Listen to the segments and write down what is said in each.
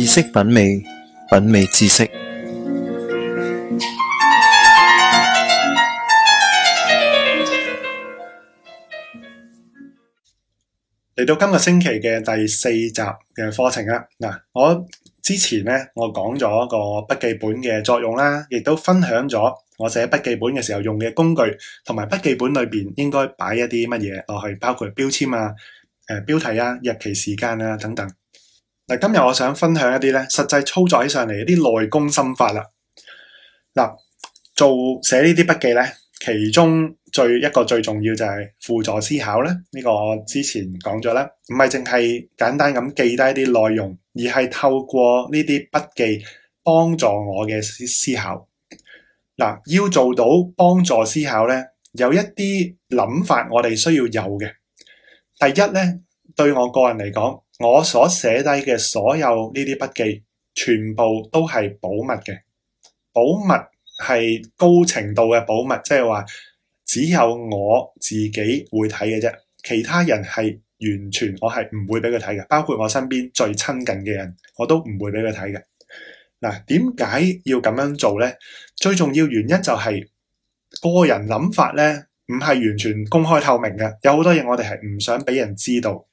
知識品味，品味知識。嚟到今個星期嘅第四集嘅課程啦。嗱，我之前呢，我講咗個筆記本嘅作用啦，亦都分享咗我寫筆記本嘅時候用嘅工具，同埋筆記本裏邊應該擺一啲乜嘢落去，包括標籤啊、誒標題啊、日期時間啊等等。嗱，今日我想分享一啲咧，實際操作起上嚟啲內功心法啦。嗱，做寫呢啲筆記咧，其中最一個最重要就係輔助思考咧。呢個我之前講咗啦，唔係淨係簡單咁記低啲內容，而係透過呢啲筆記幫助我嘅思考。嗱，要做到幫助思考咧，有一啲諗法我哋需要有嘅。第一咧，對我個人嚟講。我所寫低嘅所有呢啲筆記，全部都係保密嘅。保密係高程度嘅保密，即係話只有我自己會睇嘅啫。其他人係完全我係唔會俾佢睇嘅，包括我身邊最親近嘅人，我都唔會俾佢睇嘅。嗱，點解要咁樣做咧？最重要原因就係個人諗法咧，唔係完全公開透明嘅。有好多嘢我哋係唔想俾人知道。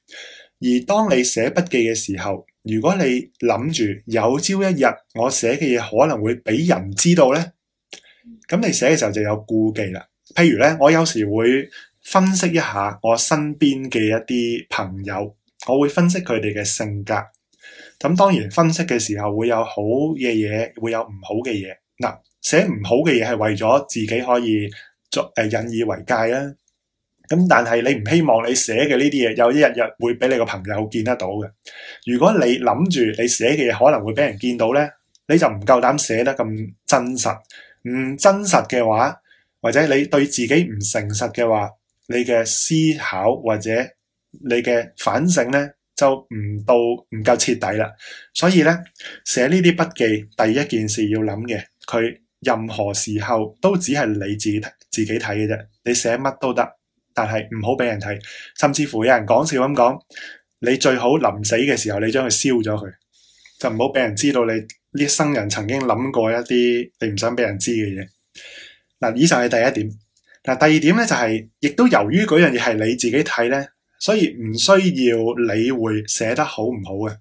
而當你寫筆記嘅時候，如果你諗住有朝一日我寫嘅嘢可能會俾人知道咧，咁你寫嘅時候就有顧忌啦。譬如咧，我有時會分析一下我身邊嘅一啲朋友，我會分析佢哋嘅性格。咁當然分析嘅時候會有好嘅嘢，會有唔好嘅嘢。嗱，寫唔好嘅嘢係為咗自己可以作誒引以為戒啊。咁但係你唔希望你寫嘅呢啲嘢，有一日日會俾你個朋友見得到嘅。如果你諗住你寫嘅嘢，可能會俾人見到咧，你就唔夠膽寫得咁真實。唔真實嘅話，或者你對自己唔誠實嘅話，你嘅思考或者你嘅反省咧，就唔到唔夠徹底啦。所以咧，寫呢啲筆記第一件事要諗嘅，佢任何時候都只係你自己自己睇嘅啫。你寫乜都得。但係唔好俾人睇，甚至乎有人講笑咁講，你最好臨死嘅時候你將佢燒咗佢，就唔好俾人知道你呢生人曾經諗過一啲你唔想俾人知嘅嘢。嗱，以上係第一點。嗱，第二點咧就係、是，亦都由於嗰樣嘢係你自己睇咧，所以唔需要理會寫得好唔好嘅，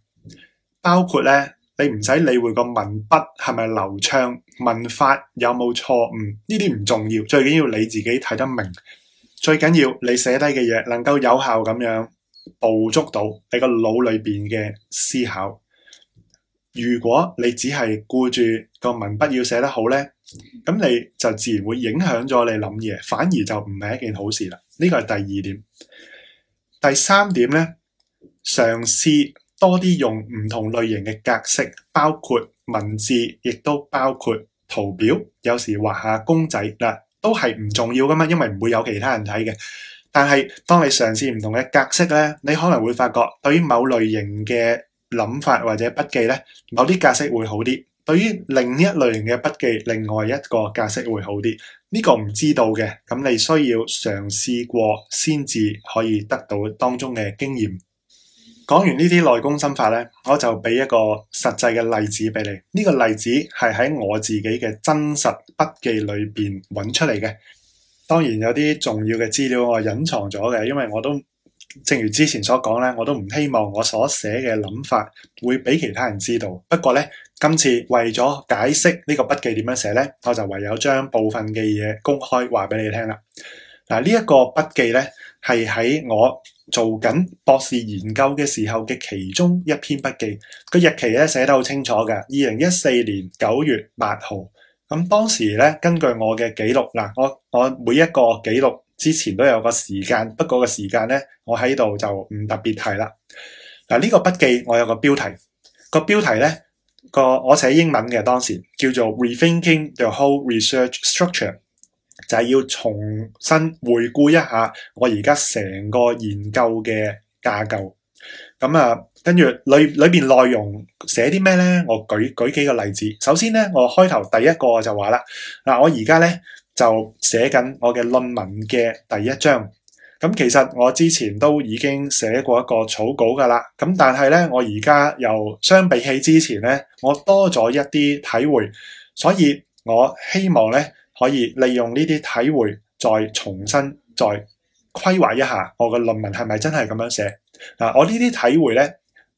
包括咧你唔使理會個文筆係咪流暢，文法有冇錯誤呢啲唔重要，最緊要你自己睇得明。最緊要你寫低嘅嘢能夠有效咁樣捕捉到你個腦裏邊嘅思考。如果你只係顧住個文筆要寫得好咧，咁你就自然會影響咗你諗嘢，反而就唔係一件好事啦。呢個係第二點。第三點咧，嘗試多啲用唔同類型嘅格式，包括文字，亦都包括圖表。有時畫下公仔啦。都係唔重要㗎嘛，因為唔會有其他人睇嘅。但係當你嘗試唔同嘅格式咧，你可能會發覺對於某類型嘅諗法或者筆記咧，某啲格式會好啲；對於另一類型嘅筆記，另外一個格式會好啲。呢個唔知道嘅，咁你需要嘗試過先至可以得到當中嘅經驗。講完呢啲內功心法咧，我就俾一個實際嘅例子俾你。呢個例子係喺我自己嘅真實筆記裏邊揾出嚟嘅。當然有啲重要嘅資料我隱藏咗嘅，因為我都正如之前所講咧，我都唔希望我所寫嘅諗法會俾其他人知道。不過呢，今次為咗解釋呢個筆記點樣寫呢，我就唯有將部分嘅嘢公開話俾你聽啦。嗱，呢一個筆記呢。係喺我做緊博士研究嘅時候嘅其中一篇筆記，個日期咧寫得好清楚嘅，二零一四年九月八號。咁當時咧，根據我嘅記錄啦，我我每一個記錄之前都有個時間，不過個時間咧，我喺度就唔特別提啦。嗱，呢個筆記我有個標題，這個標題咧，個我寫英文嘅，當時叫做 Rethinking the whole research structure。就係要重新回顧一下我而家成個研究嘅架構，咁啊，跟住裏裏邊內容寫啲咩咧？我舉舉幾個例子。首先咧，我開頭第一個就話啦，嗱，我而家咧就寫緊我嘅論文嘅第一章。咁其實我之前都已經寫過一個草稿噶啦，咁但係咧，我而家又相比起之前咧，我多咗一啲體會，所以我希望咧。可以利用呢啲體會，再重新再規劃一下我嘅論文係咪真係咁樣寫？嗱，我呢啲體會咧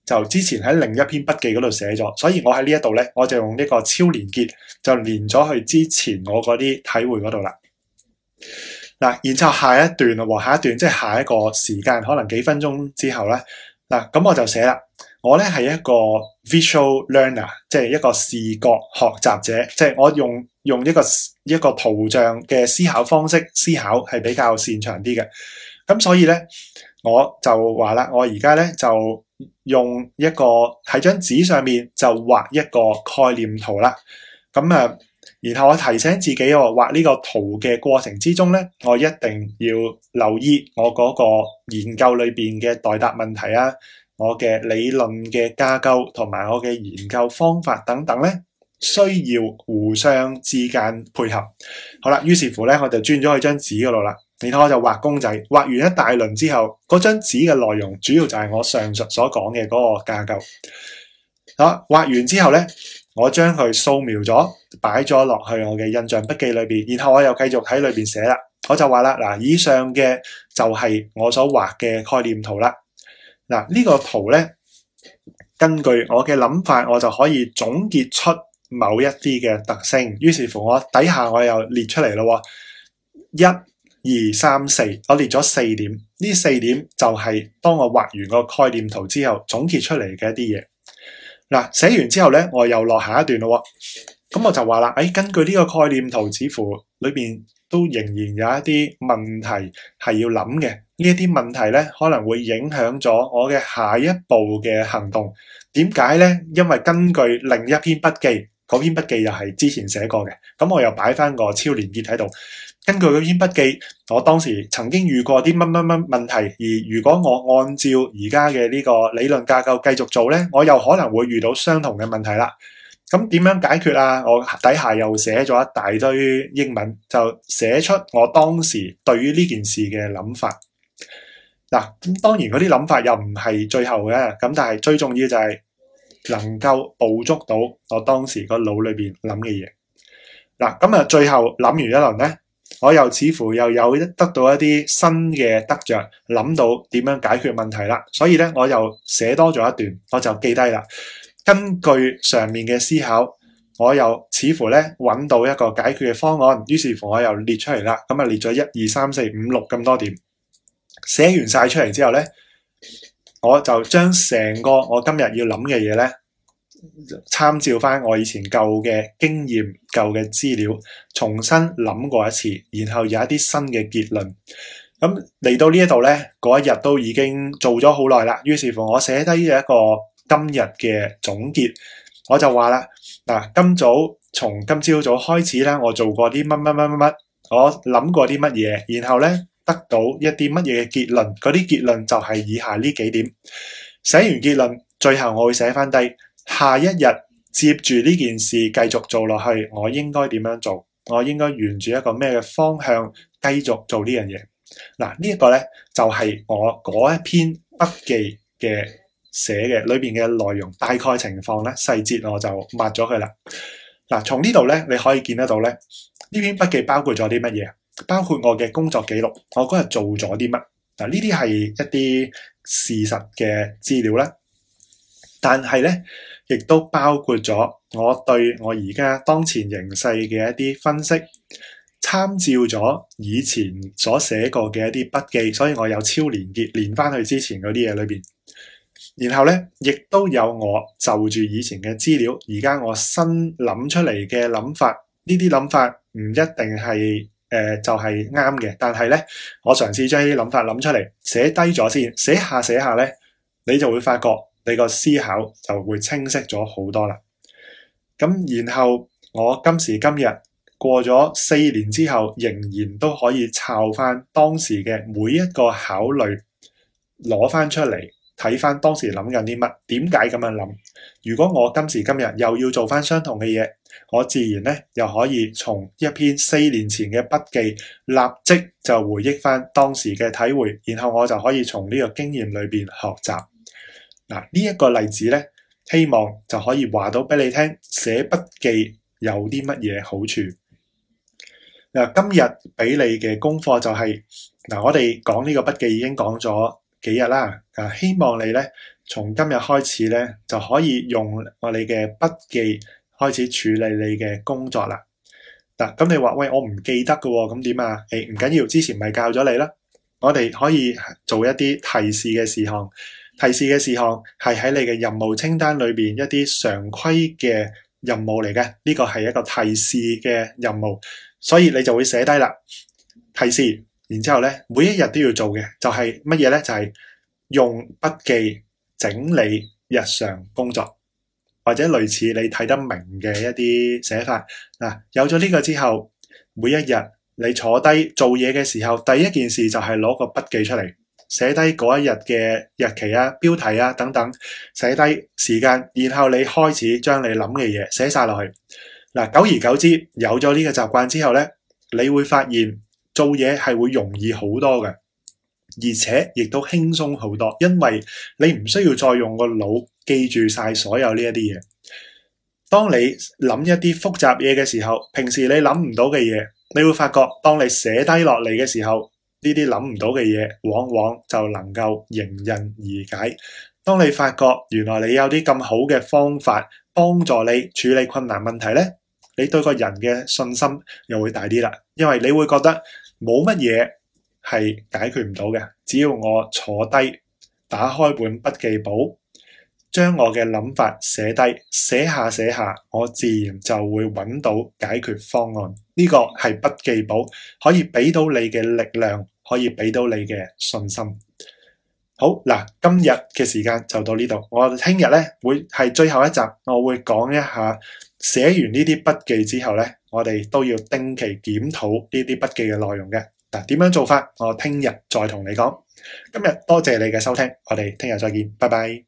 就之前喺另一篇筆記嗰度寫咗，所以我喺呢一度咧我就用呢個超連結就連咗去之前我嗰啲體會嗰度啦。嗱，然之後下一段喎，下一段即係下一個時間，可能幾分鐘之後咧，嗱咁我就寫啦。我咧係一個 visual learner，即係一個視覺學習者，即係我用。用一個一個圖像嘅思考方式思考係比較擅長啲嘅，咁所以咧我就話啦，我而家咧就用一個喺張紙上面就畫一個概念圖啦，咁啊，然後我提醒自己我畫呢個圖嘅過程之中咧，我一定要留意我嗰個研究裏邊嘅待答問題啊，我嘅理論嘅架構同埋我嘅研究方法等等咧，需要互相之間配合，好啦，於是乎咧，我就轉咗去張紙嗰度啦。你睇我就畫公仔，畫完一大輪之後，嗰張紙嘅內容主要就係我上述所講嘅嗰個架構。好，畫完之後咧，我將佢掃描咗，擺咗落去我嘅印象筆記裏邊，然後我又繼續喺裏邊寫啦。我就話啦，嗱，以上嘅就係我所畫嘅概念圖啦。嗱，呢個圖咧，根據我嘅諗法，我就可以總結出。某一啲嘅特性，於是乎我底下我又列出嚟咯，一二三四，我列咗四點。呢四點就係當我畫完個概念圖之後總結出嚟嘅一啲嘢。嗱，寫完之後咧，我又落下一段咯，咁我就話啦，誒，根據呢個概念圖，似乎裏邊都仍然有一啲問題係要諗嘅。呢一啲問題咧，可能會影響咗我嘅下一步嘅行動。點解咧？因為根據另一篇筆記。嗰篇筆記又係之前寫過嘅，咁我又擺翻個超連結喺度。根據嗰篇筆記，我當時曾經遇過啲乜乜乜問題，而如果我按照而家嘅呢個理論架構繼續做咧，我又可能會遇到相同嘅問題啦。咁點樣解決啊？我底下又寫咗一大堆英文，就寫出我當時對於呢件事嘅諗法。嗱，咁當然嗰啲諗法又唔係最後嘅，咁但係最重要就係。能夠捕捉到我當時個腦裏邊諗嘅嘢。嗱，咁啊，最後諗完一輪咧，我又似乎又有得到一啲新嘅得著，諗到點樣解決問題啦。所以咧，我又寫多咗一段，我就記低啦。根據上面嘅思考，我又似乎咧揾到一個解決嘅方案。於是乎，我又列出嚟啦。咁啊，列咗一二三四五六咁多點。寫完晒出嚟之後咧。我就將成個我今日要諗嘅嘢咧，參照翻我以前舊嘅經驗、舊嘅資料，重新諗過一次，然後有一啲新嘅結論。咁嚟到呢一度咧，嗰一日都已經做咗好耐啦。於是乎，我寫低一個今日嘅總結，我就話啦：嗱，今早從今朝早開始咧，我做過啲乜乜乜乜乜，我諗過啲乜嘢，然後咧。得到一啲乜嘢嘅結論，嗰啲結論就係以下呢幾點。寫完結論，最後我會寫翻低，下一日接住呢件事繼續做落去，我應該點樣做？我應該沿住一個咩嘅方向繼續做件事，這個，呢樣嘢？嗱，呢一個咧就係、是，我嗰一篇筆記嘅寫嘅裏邊嘅內容大概情況咧，細節我就抹咗佢啦。嗱，從呢度咧你可以見得到咧，呢篇筆記包括咗啲乜嘢？包括我嘅工作記錄，我嗰日做咗啲乜嗱？呢啲係一啲事實嘅資料啦。但係咧亦都包括咗我對我而家當前形勢嘅一啲分析，參照咗以前所寫過嘅一啲筆記，所以我有超連結連翻去之前嗰啲嘢裏邊。然後咧，亦都有我就住以前嘅資料，而家我新諗出嚟嘅諗法，呢啲諗法唔一定係。誒，就係啱嘅，但係咧，我嘗試將啲諗法諗出嚟，寫低咗先，寫下寫下咧，你就會發覺你個思考就會清晰咗好多啦。咁然後我今時今日過咗四年之後，仍然都可以抄翻當時嘅每一個考慮，攞翻出嚟睇翻當時諗緊啲乜，點解咁樣諗？如果我今時今日又要做翻相同嘅嘢。我自然咧又可以從一篇四年前嘅筆記立即就回憶翻當時嘅體會，然後我就可以從呢個經驗裏邊學習。嗱，呢一個例子咧，希望就可以話到俾你聽，寫筆記有啲乜嘢好處？嗱，今日俾你嘅功課就係，嗱，我哋講呢個筆記已經講咗幾日啦，啊，希望你咧從今日開始咧就可以用我哋嘅筆記。開始處理你嘅工作啦。嗱，咁你話，喂，我唔記得嘅，咁點啊？誒，唔緊要，之前咪教咗你啦。我哋可以做一啲提示嘅事項，提示嘅事項係喺你嘅任務清單裏邊一啲常規嘅任務嚟嘅。呢個係一個提示嘅任務，所以你就會寫低啦。提示，然之後咧，每一日都要做嘅就係乜嘢咧？就係用筆記整理日常工作。或者類似你睇得明嘅一啲寫法，嗱，有咗呢個之後，每一日你坐低做嘢嘅時候，第一件事就係攞個筆記出嚟寫低嗰一日嘅日期啊、標題啊等等，寫低時間，然後你開始將你諗嘅嘢寫晒落去。嗱，久而久之有咗呢個習慣之後咧，你會發現做嘢係會容易好多嘅。而且亦都輕鬆好多，因為你唔需要再用個腦記住晒所有呢一啲嘢。當你諗一啲複雜嘢嘅時候，平時你諗唔到嘅嘢，你會發覺當你寫低落嚟嘅時候，呢啲諗唔到嘅嘢往往就能夠迎刃而解。當你發覺原來你有啲咁好嘅方法幫助你處理困難問題咧，你對個人嘅信心又會大啲啦，因為你會覺得冇乜嘢係解決唔到嘅。只要我坐低，打開本筆記簿，將我嘅諗法寫低，寫下寫下，我自然就會揾到解決方案。呢個係筆記簿可以俾到你嘅力量，可以俾到你嘅信心。好嗱，今日嘅時間就到呢度。我聽日呢，會係最後一集，我會講一下寫完呢啲筆記之後呢，我哋都要定期檢討呢啲筆記嘅內容嘅。嗱，點樣做法？我聽日再同你講。今日多謝你嘅收聽，我哋聽日再見，拜拜。